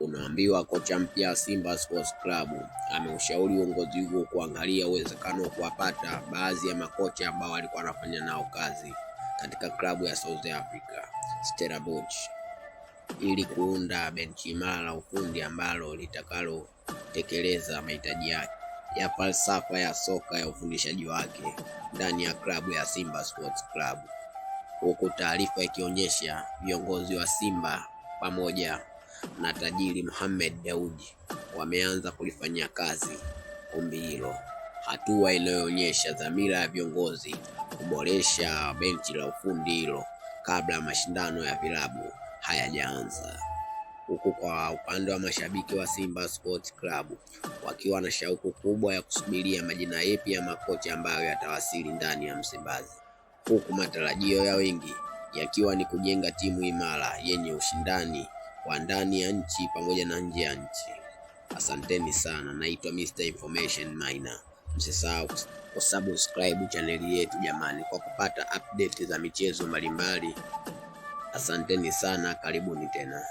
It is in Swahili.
unaambiwa kocha mpya Simba Sports Club ameushauri uongozi huo kuangalia uwezekano wa kuwapata baadhi ya makocha ambao walikuwa wanafanya nao kazi katika klabu ya South Africa Stellenbosch ili kuunda benchi imara la ufundi ambalo litakalotekeleza mahitaji yake ya falsafa ya soka ya ufundishaji wake ndani ya klabu ya Simba Sports Club, huku taarifa ikionyesha viongozi wa Simba pamoja na tajiri Mohamed Daudi wameanza kulifanyia kazi ombi hilo, hatua inayoonyesha dhamira ya viongozi kuboresha benchi la ufundi hilo kabla ya mashindano ya vilabu hayajaanza. Huku kwa upande wa mashabiki wa Simba Sports Club wakiwa na shauku kubwa ya kusubiria majina yapi ya makocha ambayo yatawasili ndani ya Msimbazi, huku matarajio ya wengi yakiwa ni kujenga timu imara yenye ushindani wa ndani ya nchi pamoja na nje ya nchi. Asanteni sana, naitwa Mr. Information Miner. Msisahau kusubscribe chaneli yetu jamani, kwa kupata update za michezo mbalimbali. Asanteni sana, karibuni tena.